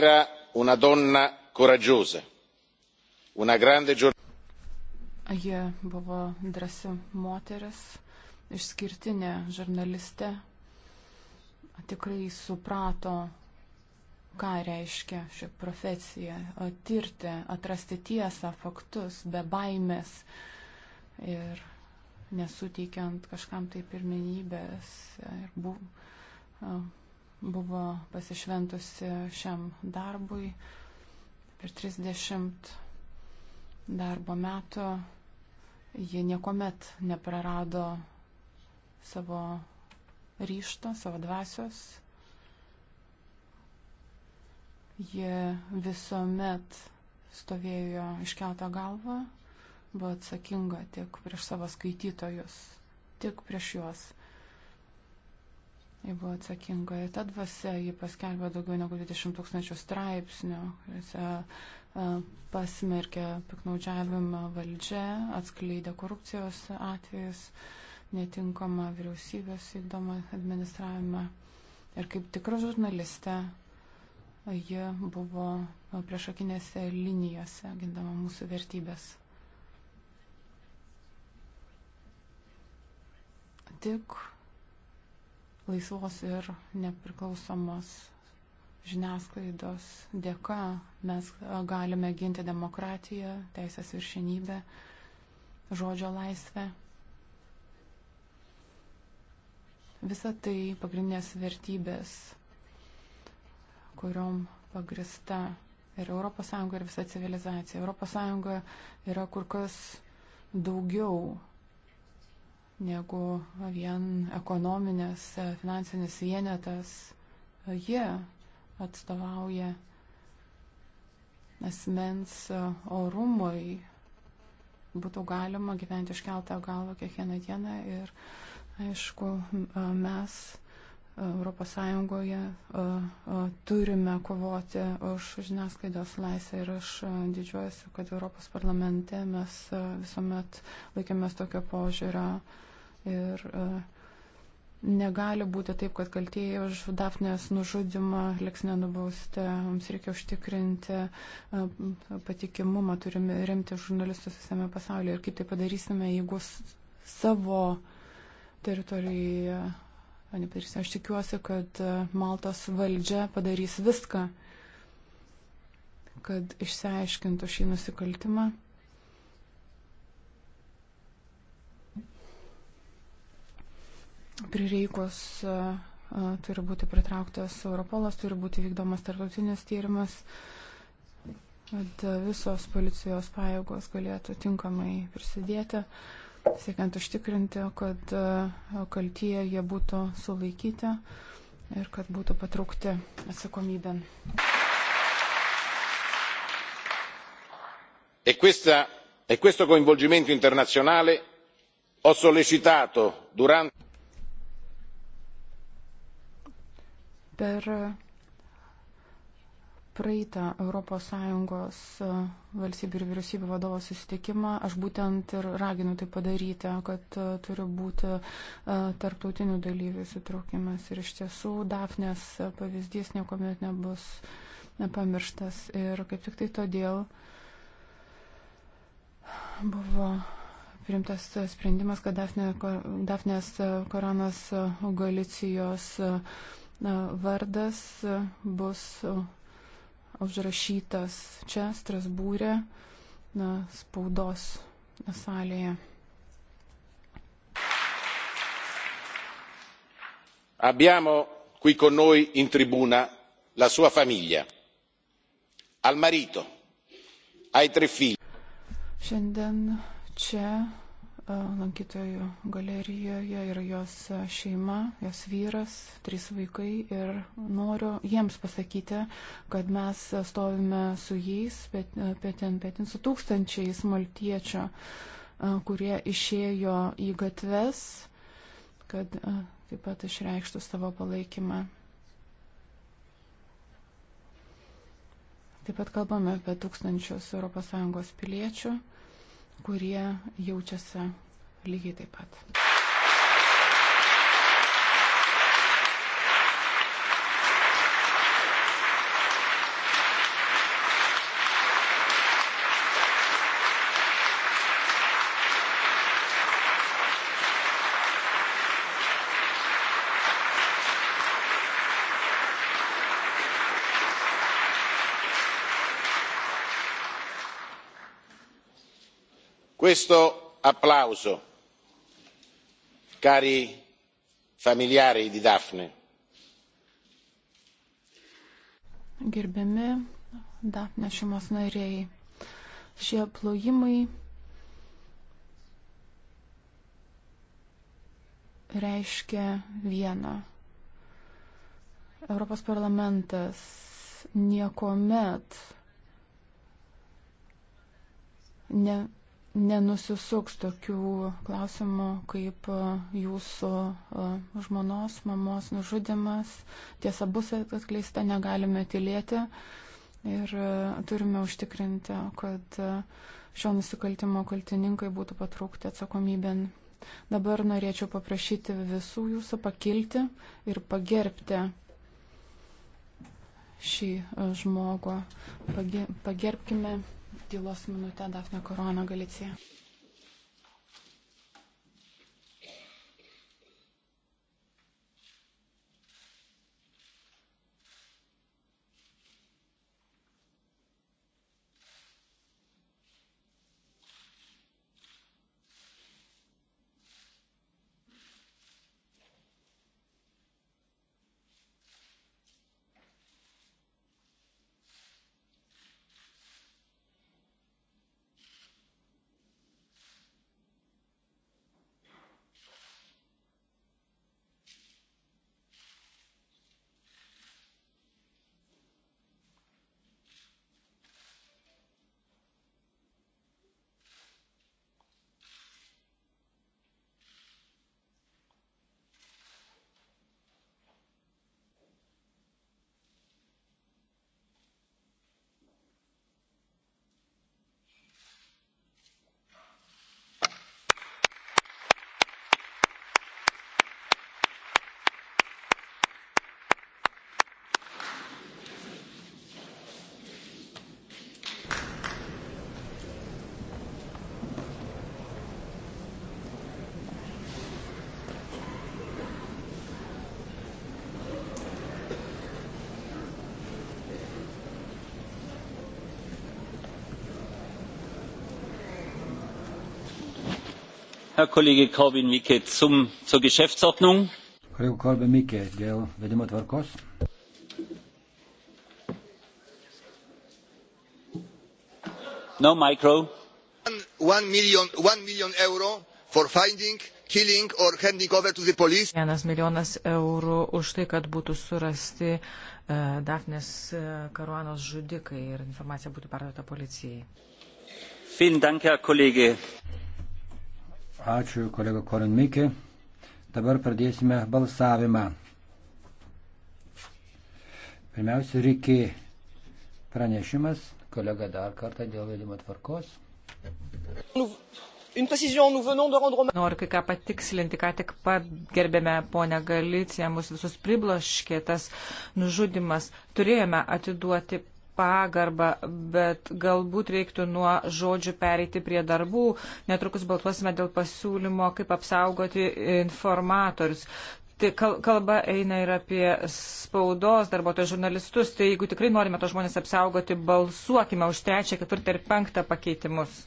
era una donna coraggiosa una grande Ji buvo drąsi moteris, išskirtinė žurnalistė, tikrai suprato, ką reiškia ši profesija - tirti, atrasti tiesą, faktus, be baimės ir nesuteikiant kažkam tai pirmenybės. Ir bu, buvo pasišventusi šiam darbui per 30 darbo metų. Ji niekuomet neprarado savo ryšto, savo dvasios. Ji visuomet stovėjo iškeltą galvą, buvo atsakinga tik prieš savo skaitytojus, tik prieš juos. Ji buvo atsakinga ir ta dvasia, ji paskelbė daugiau negu 20 tūkstančių straipsnių, kuriuose e, pasmerkė piknaudžiavimą valdžia, atskleidė korupcijos atvejus, netinkamą vyriausybės vykdomą administravimą. Ir kaip tikra žurnalistė, ji buvo priešakinėse linijose, gindama mūsų vertybės. Tik laisvos ir nepriklausomos žiniasklaidos dėka mes e, galime ginti demokratiją, teisės viršinybę, žodžio laisvę. Visa tai pagrindinės vertybės, kuriom pagrista ir ES ir visa civilizacija. ES yra kur kas daugiau negu vien ekonominės, finansinis vienetas. Jie atstovauja asmens orumui. Būtų galima gyventi iškeltą galvą kiekvieną dieną ir, aišku, mes ES turime kovoti už žiniasklaidos laisvę ir aš didžiuojuosi, kad Europos parlamente mes visuomet laikėmės tokio požiūrio. Ir e, negali būti taip, kad kaltieji už Dafnės nužudimą liks nenubausti. Mums reikia užtikrinti e, patikimumą, turime remti žurnalistus visame pasaulyje. Ir kaip tai padarysime, jeigu savo teritorijoje nepadarysime. Aš tikiuosi, kad e, Maltos valdžia padarys viską, kad išsiaiškintų šį nusikaltimą. prireikus turi būti pritrauktas Europolas, turi būti vykdomas tarptautinis tyrimas, kad visos policijos pajėgos galėtų tinkamai prisidėti, siekiant užtikrinti, kad kaltieji būtų sulaikyti ir kad būtų patraukti atsakomybėn. E, questa, e questo coinvolgimento internazionale ho sollecitato durante Per praeitą ES valstybių ir vyriausybių vadovo susitikimą aš būtent ir raginu tai padaryti, kad turi būti e, tarptautinių dalyvių įsitraukimas. Ir iš tiesų Dafnės pavyzdys niekuomet nebus nepamirštas. Ir kaip tik tai todėl buvo priimtas sprendimas, kad Dafnė, Dafnės Koranas Galicijos vardas e, bus e, užrašytas čia, Strasbūrė, spaudos salėje. Abbiamo qui con noi in tribuna la sua famiglia, al marito, ai tre figli. Šiandien čia lankytojų galerijoje yra jos šeima, jos vyras, trys vaikai ir noriu jiems pasakyti, kad mes stovime su jais, pietin, pietin, su tūkstančiais maltiečio, kurie išėjo į gatves, kad taip pat išreikštų savo palaikymą. Taip pat kalbame apie tūkstančius ES piliečių, kurie jaučiasi lygiai taip pat. questo applauso cari familiari di dafne gerbiami dafnės šeimos nariai šie plojimai reiškia vieną europos parlamentas niekuomet ne nenusisuks tokių klausimų kaip e, jūsų e, žmonos, mamos nužudimas. Tiesa bus atskleista, negalime tylėti ir e, turime užtikrinti, kad šio nusikaltimo kaltininkai būtų patraukti atsakomybėn. Dabar norėčiau paprašyti visų jūsų pakilti ir pagerbti šį žmogų. Pagerbkime tylos minutę Dafne Korona Galicija. herr kollege korwin mikke zur geschäftsordnung. kolega korwin mikke dėl vedimo tvarkos. no micro. one million, one million euro for finding killing or handing over to the police. vienas milijonas eurų už tai, kad būtų surasti uh, Dafnės uh, karuanos žudikai ir informacija būtų perduota policijai. vielen dank herr kollege. Ačiū, kolega Korinmikė. Dabar pradėsime balsavimą. Pirmiausia, reikia pranešimas, kolega dar kartą dėl vedimo tvarkos. Nu, Noriu kai ką patikslinti, ką tik pagerbėme ponę Galiciją, mus visus pribloškė tas nužudimas. Turėjome atiduoti pagarbą, bet galbūt reiktų nuo žodžių pereiti prie darbų. Netrukus baltuosime dėl pasiūlymo, kaip apsaugoti informatorius. Tai kalba eina ir apie spaudos darbuotojų žurnalistus. Tai jeigu tikrai norime to žmonės apsaugoti, balsuokime už trečią, ketvirtą ir penktą pakeitimus.